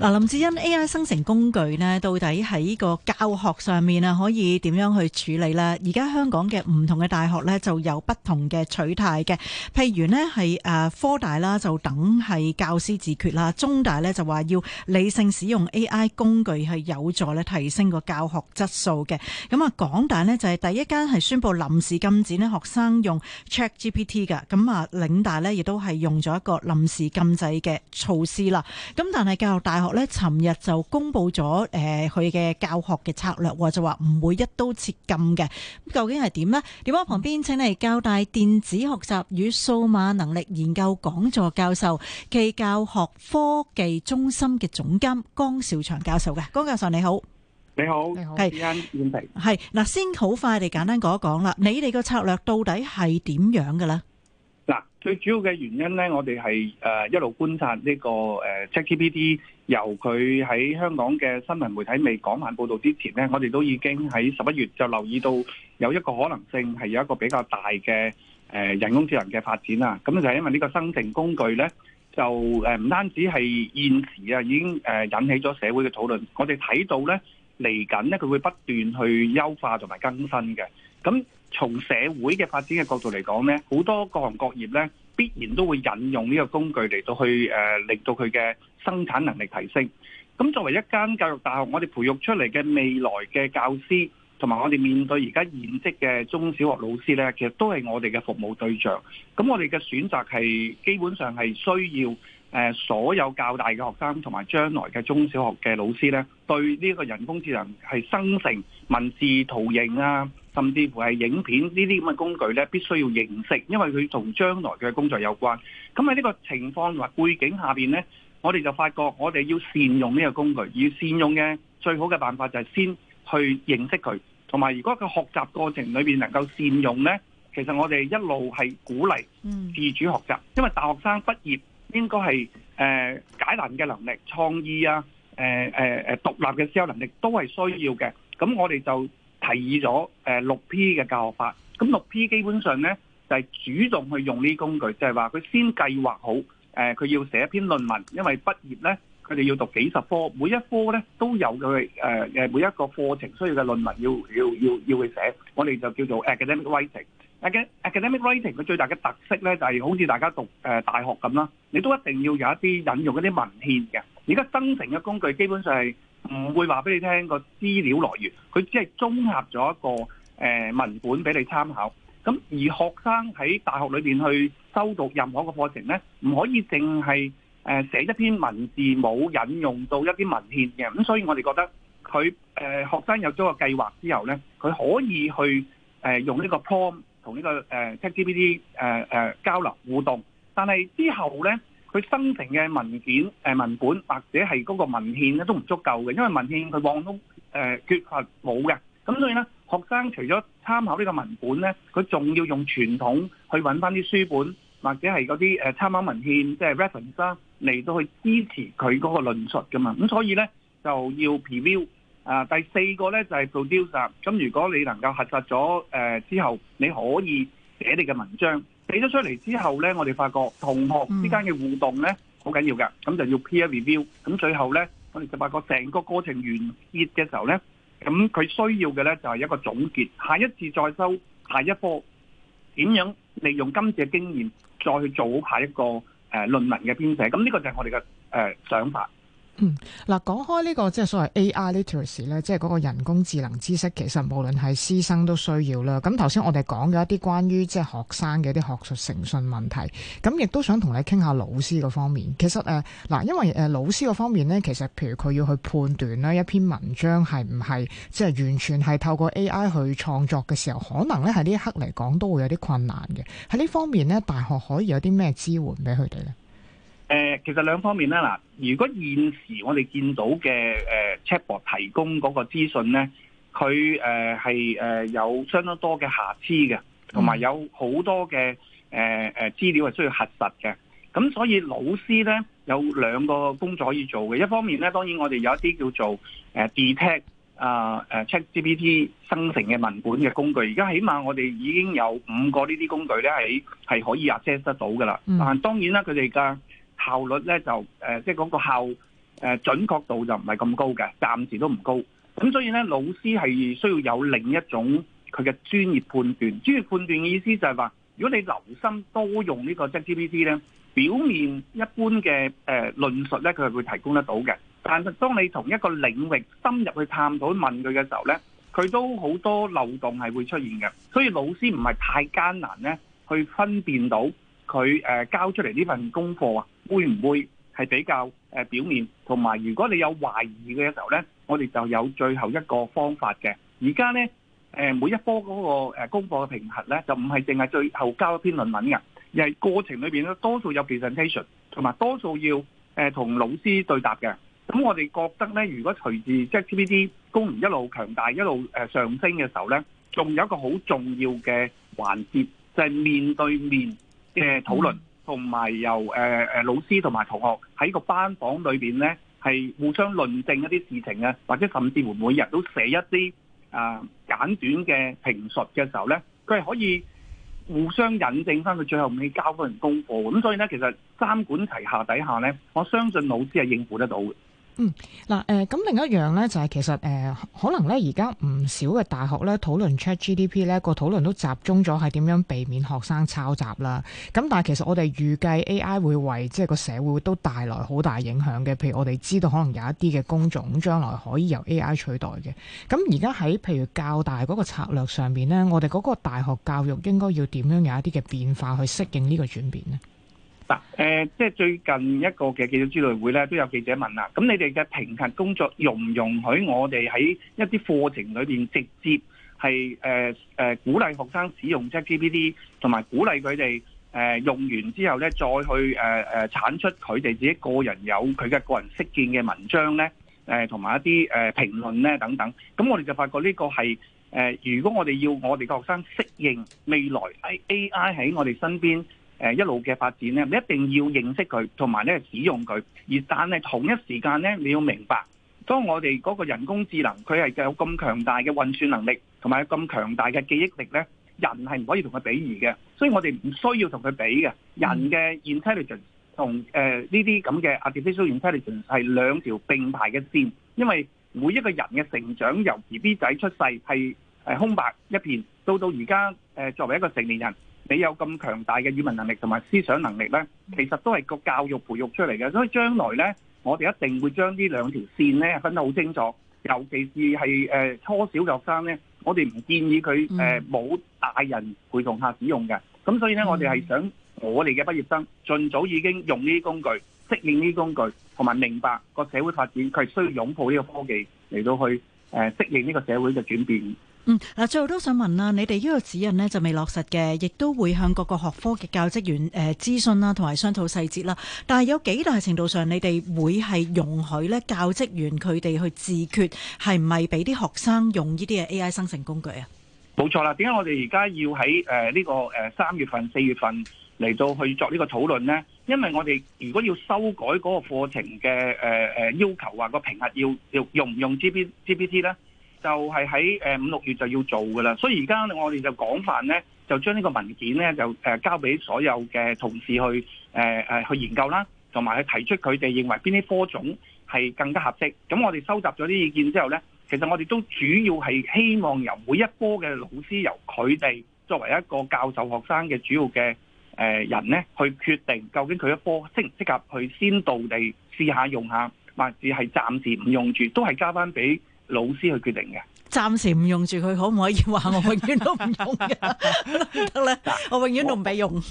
嗱，林志恩，A.I. 生成工具咧，到底喺呢個教學上面啊，可以點樣去處理咧？而家香港嘅唔同嘅大學咧，就有不同嘅取態嘅。譬如咧，係誒科大啦，就等係教師自決啦；中大咧就話要理性使用 A.I. 工具，係有助咧提升個教學質素嘅。咁啊，港大咧就係第一間係宣布臨時禁止咧學生用 ChatGPT 嘅。咁啊，嶺大咧亦都係用咗一個臨時禁制嘅措施啦。咁但係教育大學咧，尋日就公布咗誒佢嘅教學嘅策略，就話唔會一刀切禁嘅。究竟係點呢？電話旁邊請嚟教大電子學習與數碼能力研究講座教授、暨教學科技中心嘅總監江紹祥教授嘅。江教授，你好，你好，你好，係，係。嗱，先好快地簡單講一講啦。你哋個策略到底係點樣嘅咧？最主要嘅原因咧，我哋係誒一路觀察呢個誒 ChatGPT，由佢喺香港嘅新聞媒體未廣泛報導之前咧，我哋都已經喺十一月就留意到有一個可能性係有一個比較大嘅誒人工智能嘅發展啊！咁就係因為呢個生成工具咧，就誒唔單止係現時啊已經誒引起咗社會嘅討論，我哋睇到咧嚟緊咧，佢會不斷去優化同埋更新嘅咁。從社會嘅發展嘅角度嚟講呢，好多各行各業呢，必然都會引用呢個工具嚟到去誒、呃，令到佢嘅生產能力提升。咁作為一間教育大學，我哋培育出嚟嘅未來嘅教師，同埋我哋面對而家現職嘅中小學老師呢，其實都係我哋嘅服務對象。咁我哋嘅選擇係基本上係需要誒、呃，所有教大嘅學生同埋將來嘅中小學嘅老師呢，對呢個人工智能係生成文字圖形啊。甚至乎係影片呢啲咁嘅工具咧，必須要認識，因為佢同將來嘅工作有關。咁喺呢個情況或背景下邊咧，我哋就發覺我哋要善用呢個工具，要善用嘅最好嘅辦法就係先去認識佢，同埋如果佢學習過程裏面能夠善用咧，其實我哋一路係鼓勵自主學習，因為大學生畢業應該係誒解難嘅能力、創意啊、誒誒誒獨立嘅思考能力都係需要嘅。咁我哋就。提議咗六 P 嘅教學法，咁六 P 基本上咧就係、係、主動去用呢工具，就係話佢先計劃好佢、呃、要寫一篇論文，因為畢業咧佢哋要讀幾十科，每一科咧都有佢、呃、每一個課程需要嘅論文要要要要去寫。我哋就叫做 academic writing. academic writing。academic writing 嘅最大嘅特色咧就係、係、好似大家讀大學咁啦，你都一定要有一啲引用嗰啲文獻嘅。而家生成嘅工具基本上係。唔會話俾你聽個資料來源，佢只係綜合咗一個誒文本俾你參考。咁而學生喺大學裏邊去修讀任何一個課程呢，唔可以淨係誒寫一篇文字冇引用到一啲文獻嘅。咁所以我哋覺得佢誒學生有咗個計劃之後呢，佢可以去誒用呢個 prompt 同呢個誒 ChatGPT 誒交流互動，但係之後呢。佢生成嘅文件、誒文本或者係嗰個文獻咧都唔足夠嘅，因為文獻佢往往都誒缺乏冇嘅，咁所以咧學生除咗參考呢個文本咧，佢仲要用傳統去揾返啲書本或者係嗰啲誒參考文獻，即係 reference 啦嚟到去支持佢嗰個論述㗎嘛，咁所以咧就要 preview 啊，第四個咧就係 produce。咁如果你能夠核實咗誒之後，你可以寫你嘅文章。俾咗出嚟之後呢，我哋發覺同學之間嘅互動呢，好緊要嘅，咁就要 peer review。咁最後呢，我哋就發覺成個過程完結嘅時候呢，咁佢需要嘅呢，就係一個總結，下一次再收下一波，點樣利用今次嘅經驗再去做下一個誒論文嘅編寫。咁呢個就係我哋嘅誒想法。嗯，嗱，講開呢個所謂 literacy，即係所謂 AI literacy 咧，即係嗰個人工智能知識，其實無論係師生都需要啦。咁頭先我哋講咗一啲關於即係學生嘅一啲學術誠信問題，咁亦都想同你傾下老師嗰方面。其實誒，嗱、呃，因為誒老師嗰方面咧，其實譬如佢要去判斷咧一篇文章係唔係即係完全係透過 AI 去創作嘅時候，可能咧喺呢一刻嚟講都會有啲困難嘅。喺呢方面咧，大學可以有啲咩支援俾佢哋咧？誒，其實兩方面啦，嗱，如果現時我哋見到嘅誒 Chatbot 提供嗰個資訊咧，佢誒係誒有相當多嘅瑕疵嘅，同埋有好多嘅誒誒資料係需要核實嘅。咁所以老師咧有兩個工作可以做嘅，一方面咧，當然我哋有一啲叫做誒 Detect 啊，uh, 誒 ChatGPT 生成嘅文本嘅工具，而家起碼我哋已經有五個呢啲工具咧係係可以 reject 得到噶啦。但當然啦，佢哋而家。效率咧就誒，即係嗰個效誒準確度就唔係咁高嘅，暫時都唔高。咁所以咧，老師係需要有另一種佢嘅專業判斷。專業判斷嘅意思就係話，如果你留心多用個呢個即係 GPT 咧，表面一般嘅誒、呃、論述咧，佢係會提供得到嘅。但係當你同一個領域深入去探討問佢嘅時候咧，佢都好多漏洞係會出現嘅。所以老師唔係太艱難咧，去分辨到佢、呃、交出嚟呢份功課啊，會唔會係比較誒表面？同埋如果你有懷疑嘅時候咧，我哋就有最後一個方法嘅。而家咧，誒每一科嗰個誒功課嘅評核咧，就唔係淨係最後交一篇論文嘅，而係過程裏邊咧多數有 presentation，同埋多數要誒同老師對答嘅。咁我哋覺得咧，如果隨住即係 GPT 功能一路強大一路誒上升嘅時候咧，仲有一個好重要嘅環節就係面對面嘅討論。同埋由誒誒老師同埋同學喺個班房裏邊呢，係互相論證一啲事情啊，或者甚至乎每日都寫一啲啊簡短嘅評述嘅時候呢，佢係可以互相引證翻，佢最後尾交嗰份功課。咁所以呢，其實三管齊下底下呢，我相信老師係應付得到嘅。嗯，嗱，誒、呃，咁另一樣咧，就係、是、其實，誒、呃，可能咧，而家唔少嘅大學咧，討論 ChatGPT 咧，個討論都集中咗係點樣避免學生抄襲啦。咁但係其實我哋預計 AI 會為即係個社會都帶來好大影響嘅，譬如我哋知道可能有一啲嘅工種將來可以由 AI 取代嘅。咁而家喺譬如教大嗰個策略上面咧，我哋嗰個大學教育應該要點樣有一啲嘅變化去適應呢個轉變呢？嗱，即係最近一個嘅記者招待會咧，都有記者問啦。咁你哋嘅評核工作容唔容許我哋喺一啲課程裏面直接係誒、呃呃、鼓勵學生使用即係 GPT 同埋鼓勵佢哋誒用完之後咧，再去誒誒產出佢哋自己個人有佢嘅個人識見嘅文章咧，同、呃、埋一啲誒、呃、評論咧等等。咁我哋就發覺呢個係誒、呃，如果我哋要我哋嘅學生適應未來 A I 喺我哋身邊。誒一路嘅發展咧，你一定要認識佢，同埋咧使用佢。而但係同一時間咧，你要明白，當我哋嗰個人工智能佢係有咁強大嘅運算能力，同埋有咁強大嘅記憶力咧，人係唔可以同佢比擬嘅。所以我哋唔需要同佢比嘅。人嘅 intell、呃、intelligence 同誒呢啲咁嘅 artificial intelligence 係兩條並排嘅線，因為每一個人嘅成長由 B B 仔出世係空白一片，到到而家作為一個成年人。你有咁強大嘅語文能力同埋思想能力呢，其實都係個教育培育出嚟嘅，所以將來呢，我哋一定會將呢兩條線呢，分得好清楚，尤其是係誒初小嘅學生呢，我哋唔建議佢誒冇大人陪同下使用嘅。咁所以呢，我哋係想我哋嘅畢業生盡早已經用呢啲工具，適應呢啲工具，同埋明白個社會發展佢係需要擁抱呢個科技嚟到去誒適應呢個社會嘅轉變。嗯，嗱，最後都想問啦，你哋呢個指引呢，就未落實嘅，亦都會向各個學科嘅教職員誒、呃、諮詢啦，同埋商討細節啦。但係有幾大程度上，你哋會係容許呢教職員佢哋去自決，係唔係俾啲學生用呢啲嘅 AI 生成工具啊？冇錯啦，點解我哋而家要喺誒呢個誒三月份、四月份嚟到去作呢個討論呢？因為我哋如果要修改嗰個課程嘅誒誒要求，話個評核要要用唔用 G B G P T 呢？就係喺誒五六月就要做噶啦，所以而家我哋就廣泛咧，就將呢個文件咧就誒交俾所有嘅同事去誒、呃、誒去研究啦，同埋去提出佢哋認為邊啲科種係更加合適。咁我哋收集咗啲意見之後咧，其實我哋都主要係希望由每一科嘅老師由佢哋作為一個教授學生嘅主要嘅誒人咧去決定究竟佢一科適唔適合去先導地試下用下，或者係暫時唔用住，都係交翻俾。老師去決定嘅，暫時唔用住佢，可唔可以話我永遠都唔用嘅得啦？我永遠都唔俾用。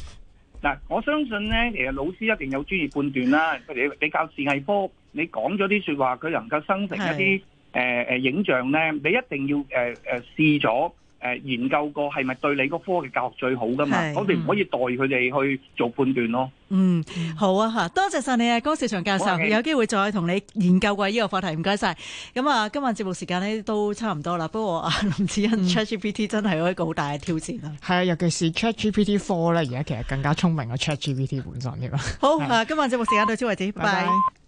嗱，我相信咧，其實老師一定有專業判斷啦。佢哋比較視藝科，你講咗啲説話，佢能夠生成一啲誒誒影像咧，你一定要誒誒、呃呃、試咗。誒，研究過係咪對你個科嘅教學最好噶嘛？是我哋唔可以代佢哋去做判斷咯。嗯，好啊，吓，多謝晒你啊，江紹祥教授，謝謝有機會再同你研究過呢個課題。唔該晒。咁啊，今晚節目時間呢都差唔多啦。不過啊林子恩、嗯、ChatGPT 真係一個好大嘅挑戰啊。係啊，尤其是 ChatGPT Four 咧，而家其實更加聰明嘅 ChatGPT 本身添啊。好是啊，今晚節目時間到此為止，拜，拜。拜拜。